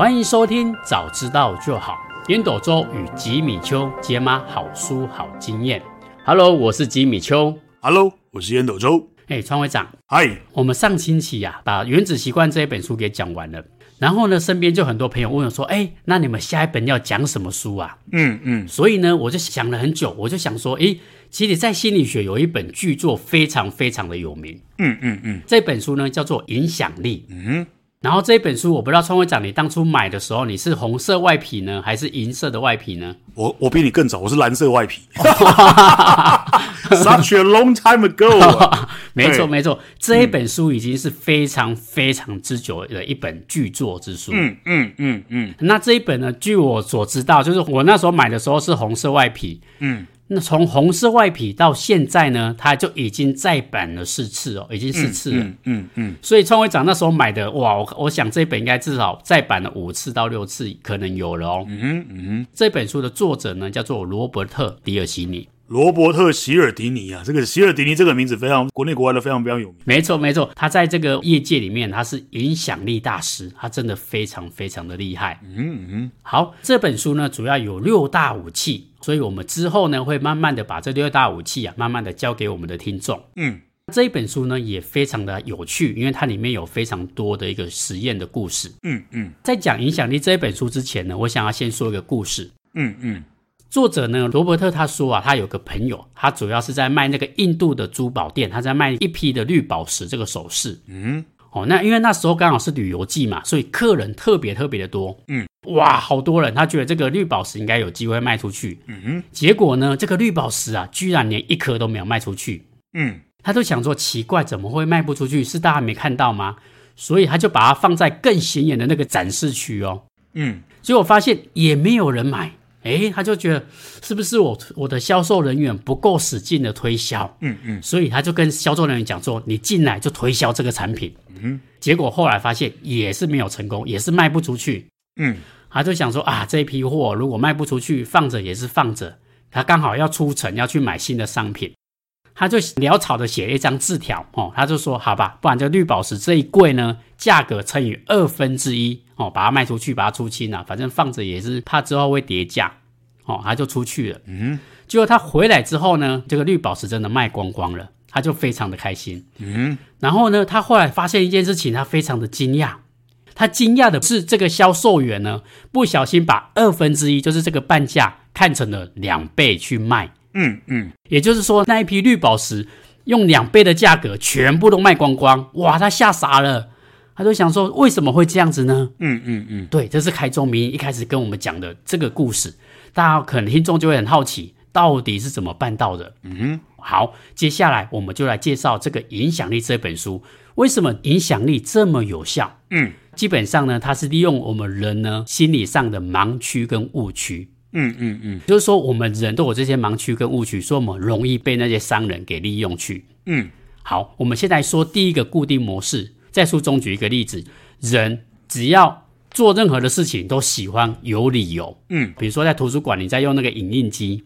歡迎收聽《早知道就好》，煙斗周與吉米邱解碼好書好經驗。Hello，我是吉米邱。Hello，我是煙斗周。哎、欸，創會長，嗨，我們上星期呀、啊、把《原子習慣》這一本書給講完了，然後呢，身邊就很多朋友問我說：“誒、欸、那你們下一本要講什麼書啊？”嗯嗯。所以呢，我就想了很久，我就想說：“誒、欸、其實，在心理學有一本巨作非常非常的有名。嗯”嗯嗯嗯。這本書呢叫做《影響力》。嗯。然後這一本書，我不知道創會長你當初買的時候，你是紅色外皮呢，還是銀色的外皮呢？我我比你更早，我是藍色外皮。 Such a long time ago 啊。 沒錯沒錯，這一本書已經是非常非常之久的一本巨作之書。嗯嗯嗯嗯。那這一本呢？據我所知道，就是我那時候買的時候是紅色外皮。嗯。那從紅色外皮到現在呢，它就已經再版了四次哦，已經四次了。嗯嗯，嗯，嗯，所以創會長那時候買的，哇，我，我想這本應該至少再版了五次到六次，可能有了哦。嗯哼嗯哼，這本書的作者呢，叫做羅伯特·迪爾西尼。羅伯特·席爾迪尼啊，這個席爾迪尼這個名字非常，國內國外都非常非常有名。沒錯，沒錯，他在這個業界裡面，他是影響力大師，他真的非常非常的厲害。嗯，嗯嗯。好，這本書呢主要有六大武器，所以我們之後呢會慢慢的把這六大武器啊，慢慢的教給我們的聽眾。嗯，這一本書呢也非常的有趣，因為它裡面有非常多的一個實驗的故事。嗯嗯。在講影響力這一本書之前呢，我想要先說一個故事。嗯嗯。作者呢，羅伯特他說啊，他有個朋友，他主要是在賣那個印度的珠寶店，他在賣一批的綠寶石這個首飾。嗯，哦，那因為那時候剛好是旅遊季嘛，所以客人特別特別的多。嗯，哇，好多人，他覺得這個綠寶石應該有機會賣出去。嗯哼，結果呢，這個綠寶石啊，居然連一顆都沒有賣出去。嗯，他就想說奇怪，怎麼會賣不出去？是大家沒看到嗎？所以他就把它放在更顯眼的那個展示區哦。嗯，結果發現也沒有人買。哎，他就覺得是不是我我的銷售人員不夠使勁的推銷，嗯嗯，所以他就跟銷售人員講說，你進來就推銷這個產品，嗯，結果後來發現也是沒有成功，也是賣不出去，嗯，他就想說啊，這批貨如果賣不出去，放着也是放着，他剛好要出城要去買新的商品，他就潦草的寫了一張字條，哦，他就說好吧，不然就綠寶石這一櫃呢，價格乘以二分之一。哦，把它賣出去，把它出清了啊，反正放着也是怕之後會跌價，哦，他就出去了。嗯，結果他回來之後呢，這個綠寶石真的賣光光了，他就非常的開心。嗯，然後呢，他後來發現一件事情，他非常的驚訝。他驚訝的是這個銷售員呢，不小心把二分之一，就是這個半價，看成了兩倍去賣。嗯嗯，也就是說那一批綠寶石用兩倍的價格全部都賣光光，哇，他嚇傻了。他就想說：“為什麼會這樣子呢？”嗯嗯嗯，對，這是開宗明義一開始跟我們講的這個故事。大家可能聽眾就會很好奇，到底是怎麼辦到的？嗯哼。好，接下來我們就來介紹這個《影響力》這本書，為什麼影響力這麼有效？嗯，基本上呢，它是利用我們人呢心理上的盲區跟誤區。嗯嗯嗯，就是說我們人都有這些盲區跟誤區，所以我們容易被那些商人給利用去。嗯，好，我們現在說第一個固定模式。在書中舉一個例子，人只要做任何的事情，都喜歡有理由。嗯，比如說在圖書館，你在用那個影印機，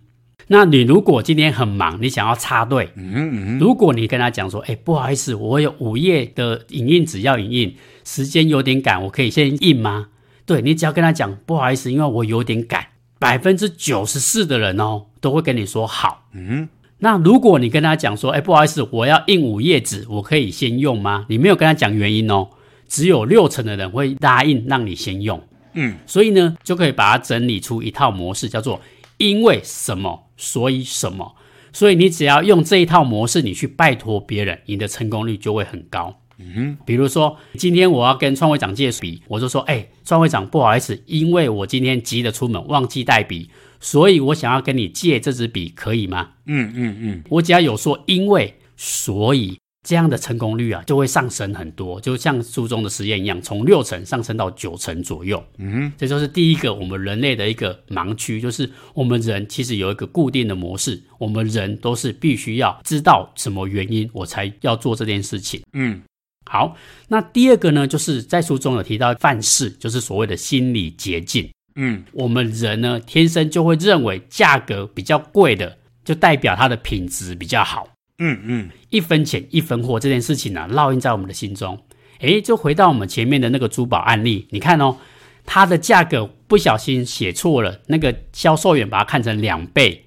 那你如果今天很忙，你想要插隊，嗯嗯，如果你跟他講說，欸，不好意思，我有五頁的影印紙要影印，時間有點趕，我可以先印嗎？對，你只要跟他講不好意思，因為我有點趕，百分之九十四的人哦，都會跟你說好，嗯。那如果你跟他講說，哎，不好意思，我要印五頁紙，我可以先用嗎？你沒有跟他講原因哦，只有六成的人會答應讓你先用。嗯，所以呢，就可以把它整理出一套模式，叫做因為什麼，所以什麼。所以你只要用這一套模式，你去拜托別人，你的成功率就會很高。嗯哼，比如說今天我要跟創會長借筆，我就說，哎，創會長，不好意思，因為我今天急着出門，忘記帶筆。所以我想要跟你借這支筆，可以嗎？嗯嗯嗯。我只要有說因為所以這樣，的成功率啊就會上升很多，就像書中的實驗一樣，從六成上升到九成左右。嗯，這就是第一個我們人類的一個盲區，就是我們人其實有一個固定的模式，我們人都是必須要知道什麼原因我才要做這件事情。嗯，好，那第二個呢，就是在書中有提到範式，就是所謂的心理捷徑。嗯，我們人呢，天生就會認為價格比較貴的，就代表它的品質比較好。嗯嗯，一分錢一分貨這件事情呢，烙印在我們的心中。誒，就回到我們前面的那個珠寶案例，你看哦，它的價格不小心寫錯了，那個銷售員把它看成兩倍。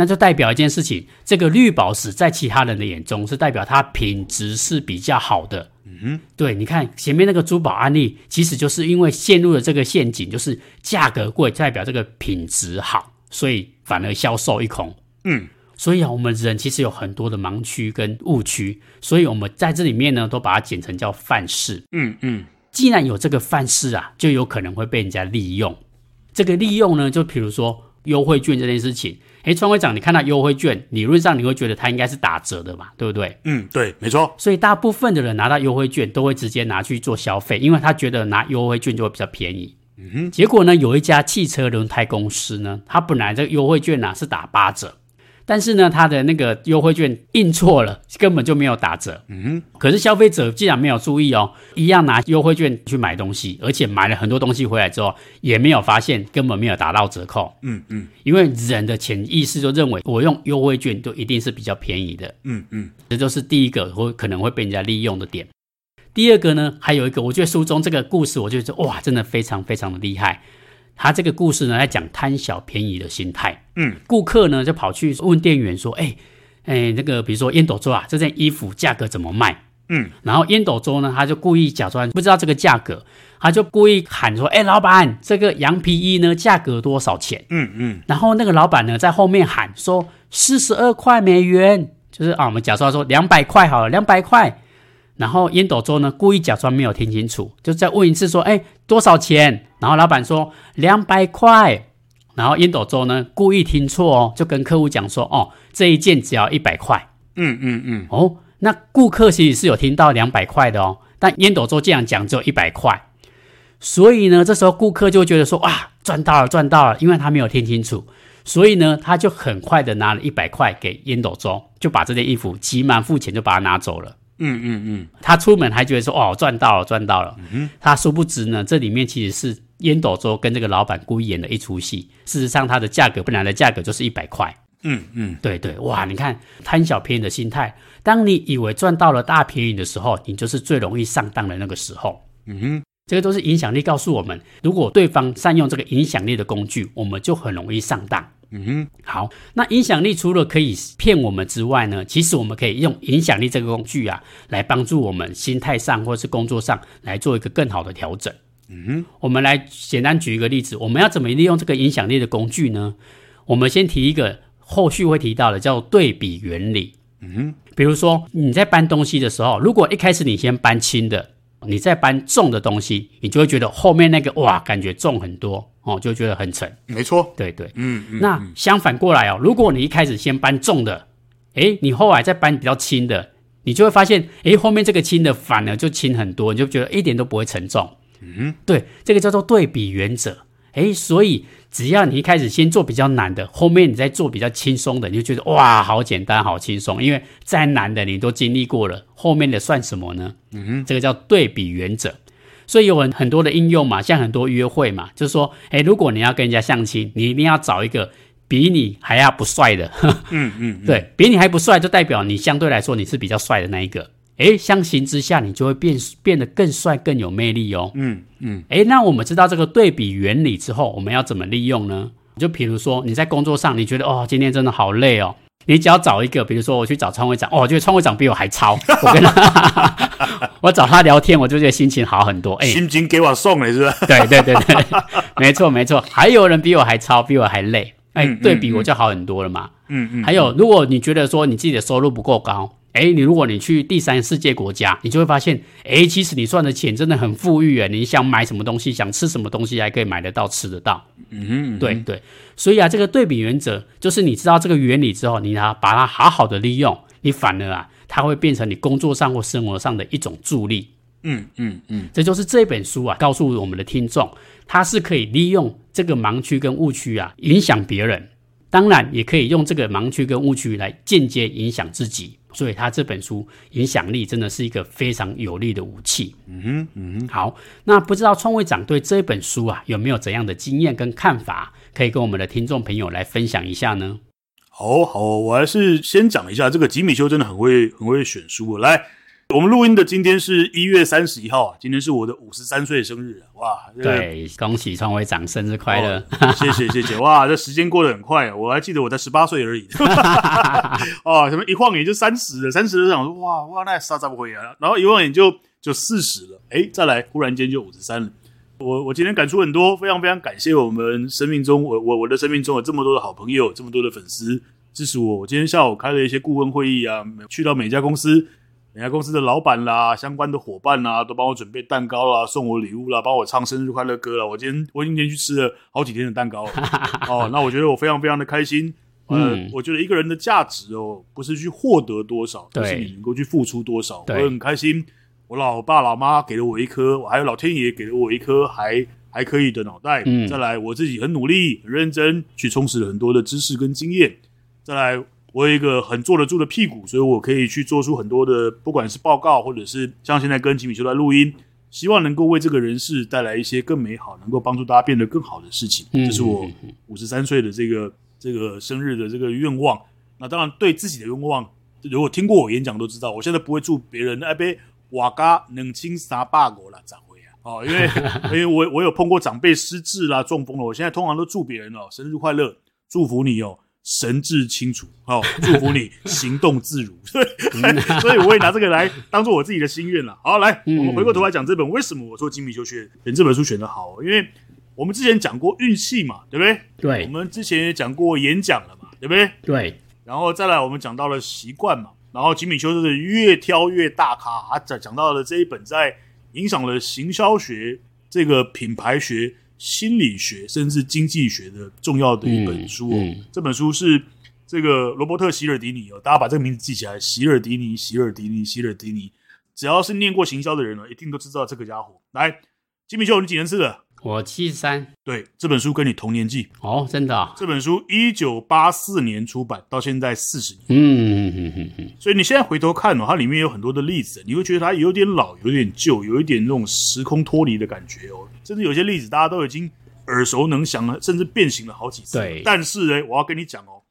那就代表一件事情，這個綠寶石在其他人的眼中是代表它品質是比較好的。嗯哼，對，你看前面那個珠寶案例，其實就是因為陷入了這個陷阱，就是價格貴代表這個品質好，所以反而銷售一空。嗯、Mm-hmm.，所以啊，我們人其實有很多的盲區跟誤區，所以我們在這裡面呢都把它簡稱叫範式。嗯嗯，既然有這個範式啊，就有可能會被人家利用。這個利用呢，就比如說，優惠券這件事情，哎，創會長，你看到優惠券，理論上你會覺得它應該是打折的嘛，對不對？嗯，對，沒錯。所以大部分的人拿到優惠券都會直接拿去做消費，因為他覺得拿優惠券就會比較便宜。嗯哼。結果呢，有一家汽車輪胎公司呢，他本來這個優惠券呢、啊、是打八折。但是呢，他的那個優惠券印錯了，根本就沒有打折。嗯，可是消費者既然沒有注意哦，一樣拿優惠券去買東西，而且買了很多東西回來之後，也沒有發現，根本沒有打到折扣。嗯嗯，因為人的潛意識就認為我用優惠券就一定是比較便宜的。嗯嗯，這就是第一個會可能會被人家利用的點。第二個呢，還有一個，我覺得書中這個故事，我覺得就哇，真的非常非常的厲害。他這個故事呢，在講貪小便宜的心態。嗯，顧客呢就跑去問店員說：“哎，誒那、這個比如說煙斗周啊，這件衣服價格怎麼賣？”嗯，然後煙斗周呢，他就故意假裝不知道這個價格，他就故意喊說：“哎，老板，這個羊皮衣呢，價格多少錢？”嗯嗯，然後那個老板呢，在後面喊說：“四十二塊美元。”就是啊，我們假裝說兩百塊好了，兩百塊。然後煙斗周呢，故意假裝沒有聽清楚，就再問一次說：“哎，多少錢？”然後老板說：“兩百塊。”然後煙斗周呢，故意聽錯哦，就跟客戶講說：“哦，這一件只要一百塊。嗯”嗯嗯嗯。哦，那顧客其實是有聽到兩百塊的哦，但煙斗周這樣講只有一百塊，所以呢，這時候顧客就覺得說：“啊，賺到了，賺到了！”因為他沒有聽清楚，所以呢，他就很快的拿了一百塊給煙斗周，就把這件衣服急忙付錢就把它拿走了。嗯嗯嗯，他出門還覺得說，哦，賺到了，賺到了。嗯，他殊不知呢，這裡面其實是煙斗周跟這個老板故意演的一出戲。事實上他價，它的價格本來的價格就是一百塊。嗯嗯，對，對對，哇，你看貪小便宜的心態，當你以為賺到了大便宜的時候，你就是最容易上當的那個時候。嗯，嗯，這個都是影響力告訴我們，如果對方善用這個影響力的工具，我們就很容易上當。嗯哼，好。那影響力除了可以騙我們之外呢，其實我們可以用影響力這個工具啊，來幫助我們心態上或是工作上來做一個更好的調整。嗯哼，我們來簡單舉一個例子，我們要怎麼利用這個影響力的工具呢？我們先提一個，後續會提到的叫對比原理。嗯哼，比如說你在搬東西的時候，如果一開始你先搬輕的。你在搬重的東西，你就會覺得後面那個哇，感覺重很多哦，就覺得很沉。沒錯，對，對對，嗯嗯。那相反過來哦，如果你一開始先搬重的，誒、欸，你後來再搬比較輕的，你就會發現，誒、欸，後面這個輕的反而就輕很多，你就覺得一點都不會沉重。嗯，對，這個叫做對比原則。哎，所以只要你一開始先做比較難的，後面你再做比較輕鬆的，你就覺得哇，好簡單，好輕鬆。因為再難的你都經歷過了，後面的算什麼呢？嗯哼，這個叫對比原則。所以有很很多的應用嘛，像很多約會嘛，就是說，哎，如果你要跟人家相親，你一定要找一個比你還要不帥的。 嗯，嗯嗯，對，比你還不帥，就代表你相對來說你是比較帥的那一個。哎，相形之下，你就會變變得更帥、更有魅力哦。嗯嗯，哎，那我們知道這個對比原理之後，我們要怎麼利用呢？就比如說你在工作上，你覺得哦，今天真的好累哦。你只要找一個，比如說我去找創會長，哦，我覺得創會長比我還超。我跟他， 我找他聊天，我就覺得心情好很多。哎，心情給我送了是是，是 吧？對對對對，沒錯沒錯，還有人比我還超，比我還累。哎，對比我就好很多了嘛。嗯嗯，嗯，還有，如果你覺得說你自己的收入不夠高。哎，你如果你去第三世界國家，你就會發現，哎，其實你賺的錢真的很富裕啊！你想買什麼東西，想吃什麼東西，還可以買得到、吃得到。嗯哼，對對，所以啊，這個對比原則就是，你知道這個原理之後，你啊把它好好的利用，你反而啊，它會變成你工作上或生活上的一種助力。嗯嗯嗯，這就是這本書啊，告訴我們的聽眾，它是可以利用這個盲區跟誤區啊，影響別人，當然也可以用這個盲區跟誤區來間接影響自己。所以，他這本書影響力真的是一個非常有力的武器。嗯嗯，好，那不知道創會長對這本書啊有沒有怎樣的經驗跟看法，可以跟我們的聽眾朋友來分享一下呢？好好，我還是先講一下這個吉米邱真的很會很會選書，來。我們錄音的今天是一月三十一號啊，今天是我的五十三歲生日、啊、哇，對，嗯、恭喜創會長生日快樂！哦、謝謝謝謝！哇，這時間過得很快啊，我還記得我才十八歲而已。 哦，什麼一晃眼就 ,30 30就三十了，三十都想說哇哇那啥咋不回啊？然後一晃眼就就四十了，哎，再來忽然間就五十三了。我我今天感觸很多，非常非常感謝我們生命中我我我的生命中有這麼多的好朋友，這麼多的粉絲支持我。我今天下午開了一些顧問會議啊，去到每一家公司。人家公司的老闆啦，相關的伙伴啦，都幫我準備蛋糕啦，送我禮物啦，幫我唱生日快樂歌啦。我今天我已經連續吃了好幾天的蛋糕了， 哦，那我覺得我非常非常的開心。嗯、呃，我覺得一個人的價值哦，不是去獲得多少，就是你能夠去付出多少。我很開心。我老爸老媽給了我一顆，我還有老天爺給了我一顆還還可以的腦袋。嗯，再來我自己很努力、很認真去充實了很多的知識跟經驗。再來。我有一個很坐得住的屁股，所以我可以去做出很多的，不管是報告，或者是像現在跟吉米邱在錄音，希望能夠為這個人世帶來一些更美好，能夠幫助大家變得更好的事情。這、嗯，就是我五十三歲的這個這個生日的這個願望。那當然對自己的願望，如果聽過我演講都知道，我現在不會祝別人。哎，被瓦嘎冷清啥霸國了，長輩啊，哦，因為 因為我我有碰過長輩失智啦、啊、中風了，我現在通常都祝別人哦，生日快樂，祝福你哦。神智清楚，好、哦，祝福你行動自如。 所以，我也拿這個來當做我自己的心願了。好，來，嗯、我們回過頭來講這本為什麼我做吉米邱學選這本書選得好，因為我們之前講過運氣嘛，對不對？對。我們之前也講過演講了嘛，對不對？對。然後再來，我們講到了習慣嘛，然後吉米邱就是越挑越大咖，講、啊、講到了這一本，在影響了行銷學這個品牌學。心理學甚至經濟學的重要的一本書哦、嗯嗯，這本書是這個羅伯特·席爾迪尼哦，大家把這個名字記起來，席爾迪尼、席爾迪尼、席爾迪尼，只要是唸過行銷的人哦，一定都知道這個家伙。來，吉米邱，你幾年級的？我七三，對這本書跟你同年紀哦，真的啊。這本書一九八四年出版，到現在四十年。嗯嗯嗯嗯嗯。所以你現在回頭看哦，它裡面有很多的例子，你會覺得它有點老，有點舊，有一點那種時空脫離的感覺哦。甚至有些例子大家都已經耳熟能詳了，甚至變形了好幾次。對。但是哎，我要跟你講哦，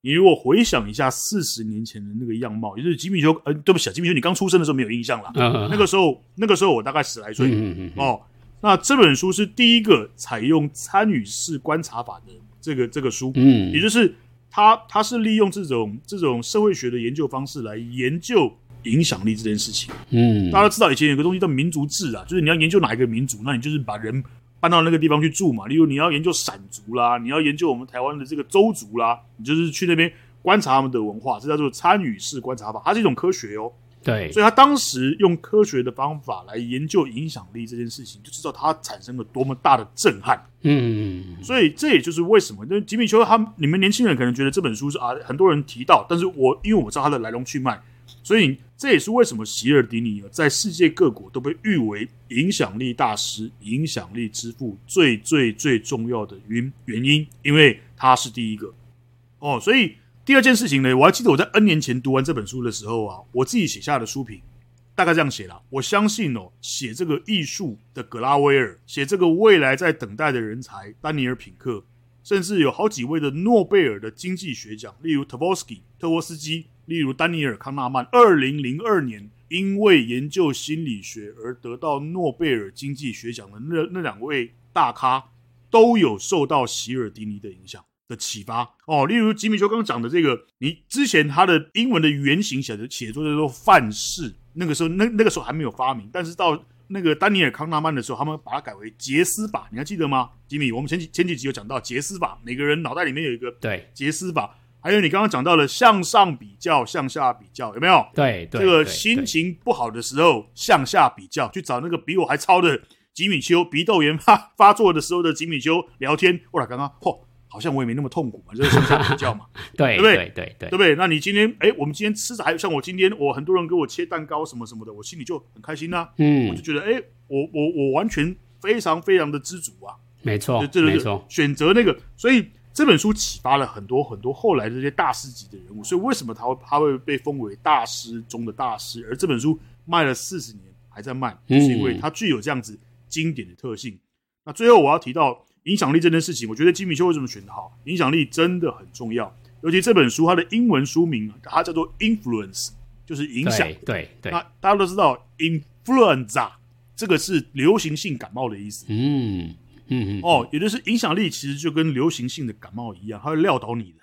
你如果回想一下四十年前的那個樣貌，也就是吉米邱，呃，對不起，吉米邱，你剛出生的時候沒有印象了、嗯。那個時候、嗯，那個時候我大概十來歲。嗯嗯。哦。那這本書是第一個採用參與式觀察法的這個這個書，嗯，也就是它它是利用這種這種社會學的研究方式來研究影響力這件事情，嗯，大家都知道以前有個東西叫民族志啊，就是你要研究哪一個民族，那你就是把人搬到那個地方去住嘛，例如你要研究散族啦，你要研究我們台灣的這個鄒族啦，你就是去那邊觀察他們的文化，這叫做參與式觀察法，它是一種科學哦。對，所以他當時用科學的方法來研究影響力這件事情，就知道他產生了多麼大的震撼。嗯，嗯，嗯，所以這也就是為什麼那吉米·丘他你們年輕人可能覺得這本書是啊，很多人提到，但是我因為我知道它的來龍去脈，所以這也是為什麼席爾迪尼在世界各國都被譽為影響力大師、影響力之父最最最，最重要的原原因，因為他是第一個。哦，所以。第二件事情呢，我還記得我在 N 年前讀完這本書的時候啊，我自己寫下的書評大概這樣寫了。我相信哦，寫這個藝術的格拉威爾，寫這個未來在等待的人才丹尼爾·品克，甚至有好幾位的諾貝爾的經濟學獎，例如 Tversky 特沃斯基，例如丹尼爾·康納曼，二零零二年因為研究心理學而得到諾貝爾經濟學獎的那那兩位大咖，都有受到席爾迪尼的影響。的啟發哦，例如吉米邱剛剛講的這個，你之前他的英文的原型，寫的寫作叫做範式，那個時候那那個時候還沒有發明，但是到那個丹尼爾康納曼的時候，他們把它改為捷思法。你還記得嗎？吉米，我們前幾前幾集有講到捷思法，每個人腦袋裡面有一個對捷思法。還有你剛剛講到了向上比較、向下比較，有沒有？對，對這個心情不好的時候向下比較，去找那個比我還糙的吉米邱鼻竇炎發發作的時候的吉米邱聊天。我來剛剛嚯。哦好像我也沒那麼痛苦嘛，就是上下比較嘛， 對對不對，對對對對對，不對？那你今天，哎，我們今天吃的還，還有像我今天，我很多人給我切蛋糕什麼什麼的，我心裡就很開心吶、啊，嗯，我就覺得，哎，我我我完全非常非常的知足啊，沒錯就就就就，沒錯，選擇那個，所以這本書啟發了很多很多後來的這些大師級的人物，所以為什麼他會他會被封為大師中的大師，而這本書賣了四十年還在賣，就是因為它具有這樣子經典的特性。嗯、那最後我要提到。影響力這件事情，我覺得吉米邱為什麼選的好？影響力真的很重要，尤其這本書它的英文書名，它叫做 Influence，就是影響。對對，對。那大家都知道，Influenza 這個是流行性感冒的意思。嗯嗯。哦，也就是影響力其實就跟流行性的感冒一樣，它會撂倒你的，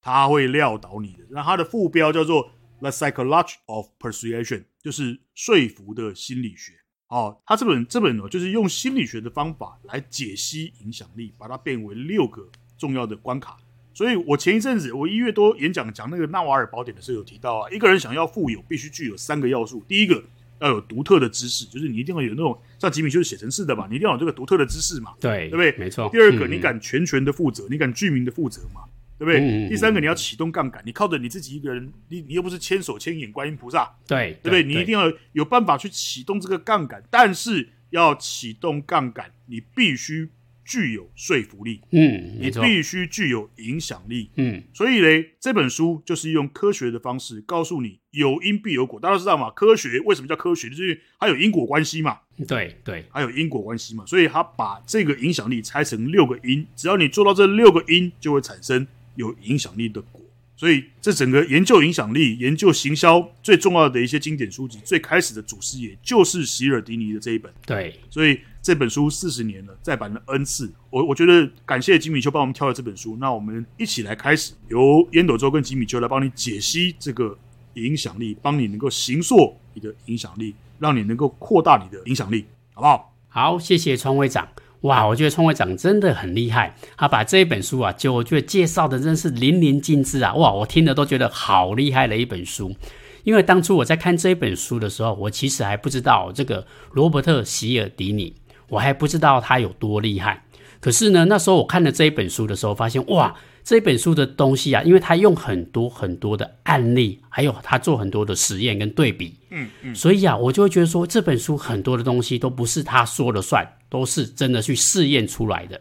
它會撂倒你的。那它的副標叫做 The Psychology of Persuasion，就是說服的心理學。哦，他這本這本呢，就是用心理學的方法來解析影響力，把它變為六個重要的關卡。所以我前一陣子，我一月多演講講那個納瓦爾寶典的時候有提到啊，一個人想要富有，必須具有三個要素。第一個要有獨特的知識，就是你一定要有那種像吉米就是寫程式的嘛，你一定要有這個獨特的知識嘛，對，對不對？沒錯。第二個，嗯、你敢全權的負責，你敢居民的負責嘛？對不對？嗯嗯嗯嗯。第三個，你要啟動槓桿，你靠着你自己一個人，你你又不是千手千眼觀音菩薩，對，對不對，對？你一定要有辦法去啟動這個槓桿。但是要啟動槓桿，你必須具有說服力，嗯，你必須具有影響力，嗯。所以呢，這本書就是用科學的方式告訴你，有因必有果。大家知道嘛？科學為什麼叫科學？就是因為它有因果關係嘛，對對，它有因果關係嘛。所以它把這個影響力拆成六個因，只要你做到這六個因，就會產生，有影響力的果。所以這整個研究影響力、研究行銷最重要的一些經典書籍，最開始的祖師爺就是席爾迪尼的這一本。對，所以這本書四十年了，再版了 n 次。我我覺得感謝吉米邱幫我們挑了這本書，那我們一起來開始，由煙斗周跟吉米邱來幫你解析這個影響力，幫你能夠形塑你的影響力，讓你能夠擴大你的影響力，好不好？好，謝謝川尾長。哇，我覺得創會長真的很厲害，他把這一本書啊，就我覺得介紹的真是淋漓盡致啊！哇，我聽了都覺得好厲害的一本書。因為當初我在看這一本書的時候，我其實還不知道這個羅伯特·希爾迪尼，我還不知道他有多厲害。可是呢，那時候我看了這一本書的時候，發現哇，這一本書的東西啊，因為他用很多很多的案例，還有他做很多的實驗跟對比。嗯嗯，所以啊，我就會覺得說，這本書很多的東西都不是他說了算，都是真的去試驗出來的。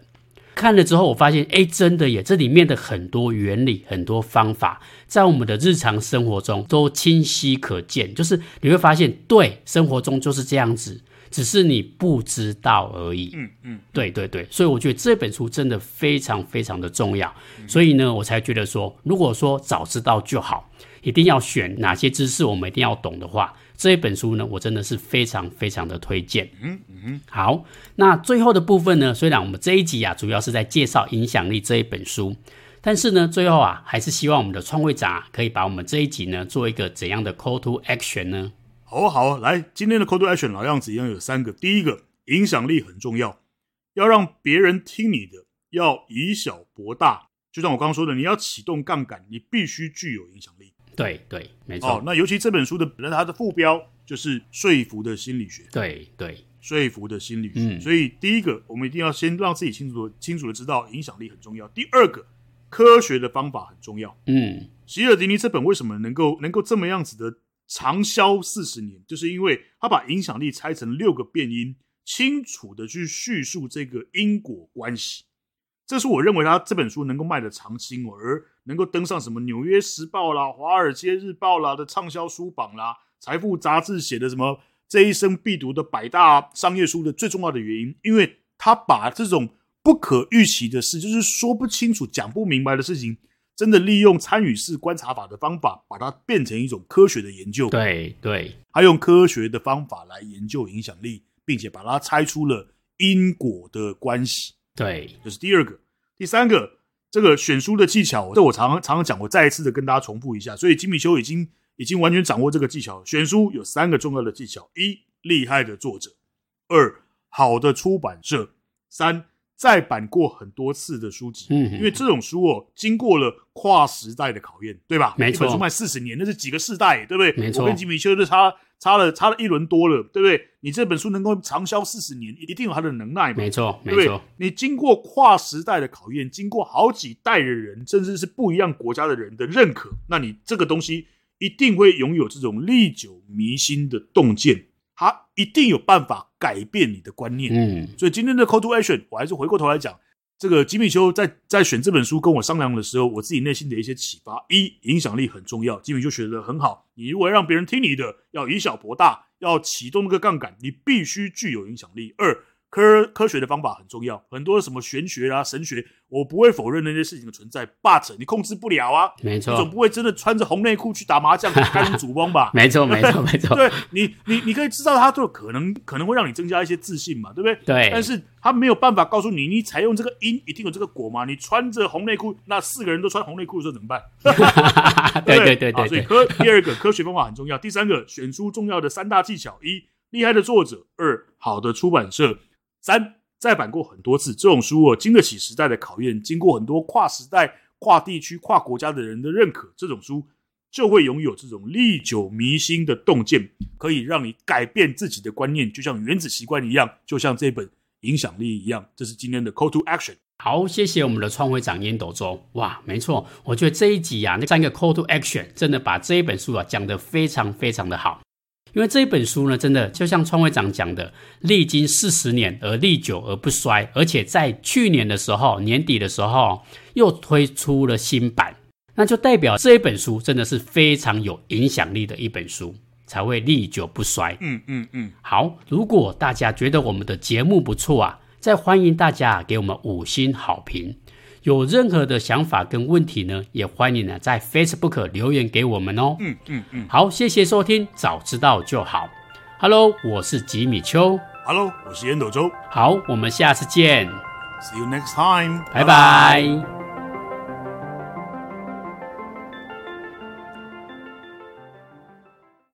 看了之後，我發現，誒，真的耶，這裡面的很多原理、很多方法，在我們的日常生活中都清晰可見。就是你會發現，對，生活中就是這樣子。只是你不知道而已。嗯嗯，對對對，所以我覺得這本書真的非常非常的重要。所以呢，我才覺得說，如果說早知道就好，一定要選哪些知識我們一定要懂的話，這一本書呢，我真的是非常非常的推薦。嗯嗯，好，那最後的部分呢，雖然我們這一集啊，主要是在介紹《影響力》這一本書，但是呢，最後啊，還是希望我們的創會長啊可以把我們這一集呢，做一個怎樣的 call to action 呢？好啊好啊，來今天的 Code to Action 老樣子一樣有三個。第一個，影響力很重要，要讓別人聽你的，要以小搏大。就像我剛剛說的，你要啟動槓桿，你必須具有影響力。對對，沒錯、哦。那尤其這本書的本來它的副標就是說服的心理學。對對，說服的心理學、嗯。所以第一個，我們一定要先讓自己清楚的清楚的知道影響力很重要。第二個，科學的方法很重要。嗯，席爾迪尼這本為什麼能夠能夠這麼樣子的？長銷四十年，就是因為他把影響力拆成六個變因，清楚的去敘述這個因果關係。這是我認為他這本書能夠賣得長青，而能夠登上什麼《紐約時報》啦、《華爾街日報》啦的暢銷書榜啦，《財富》雜誌寫的什麼這一生必讀的百大商業書的最重要的原因，因為他把這種不可預期的事，就是說不清楚、講不明白的事情。真的利用參與式觀察法的方法，把它變成一種科學的研究。對對，他用科學的方法來研究影響力，並且把它拆出了因果的關係。對，這、就是第二個、第三個這個選書的技巧，這我常常常講，我再一次的跟大家重複一下。所以，吉米邱已經已經完全掌握這個技巧。選書有三個重要的技巧：一、厲害的作者；二、好的出版社；三。再版過很多次的書籍，嗯哼哼，因為這種書哦，經過了跨時代的考驗，對吧？沒錯，一本書賣四十年，那是幾個世代，對不對？沒錯，我跟吉米邱的差差了差了一輪多了，對不對？你這本書能夠長銷四十年，一定有它的能耐，沒錯，對不對，沒錯，你經過跨時代的考驗，經過好幾代的人，甚至是不一樣國家的人的認可，那你這個東西一定會擁有這種歷久彌新的洞見。他一定有辦法改變你的觀念，嗯，所以今天的 call to action，我還是回過頭來講，這個吉米邱在在選這本書跟我商量的時候，我自己內心的一些啟發：一，影響力很重要，吉米邱學得很好，你如果讓別人聽你的，要以小博大，要啟動那個槓桿，你必須具有影響力。二科科學，的方法很重要，很多什麼玄學啊、神學，我不會否認那些事情的存在，but 你控制不了啊。沒錯，你總不會真的穿着紅內褲去打麻將、開主崩吧？ 沒錯，沒錯，沒 錯。對，你，你你可以知道它就有可能可能會讓你增加一些自信嘛，對不對？對。但是它沒有辦法告訴你，你採用這個因一定有這個果嘛？你穿着紅內褲，那四個人都穿紅內褲的時候怎麼辦？ 對對對對，對，對，對。所以科第二個科學方法很重要，第三個選出重要的三大技巧：，一，厲害的作者，二，好的出版社。三，再版過很多次，這種書哦、啊，經得起時代的考驗，經過很多跨時代、跨地區、跨國家的人的認可，這種書就會擁有這種歷久彌新的洞見，可以讓你改變自己的觀念，就像《原子習慣》一樣，就像這本《影響力》一樣。這是今天的 Call to Action。好，謝謝我們的創會長煙斗周。哇，沒錯，我覺得這一集啊，那三個 Call to Action，真的把這一本書啊講得非常非常的好。因為這一本書呢，真的就像創會長講的，歷經四十年而歷久而不衰，而且在去年的時候年底的時候又推出了新版，那就代表這一本書真的是非常有影響力的一本書，才會歷久不衰。嗯嗯嗯。好，如果大家覺得我們的節目不錯啊，再歡迎大家給我們五星好評。有任何的想法跟問題呢，也歡迎呢在 Facebook 留言給我們哦。嗯嗯嗯，好，謝謝收聽，早知道就好。Hello，我是吉米邱。Hello，我是煙斗周。好，我們下次見。See you next time. Bye-bye。拜拜。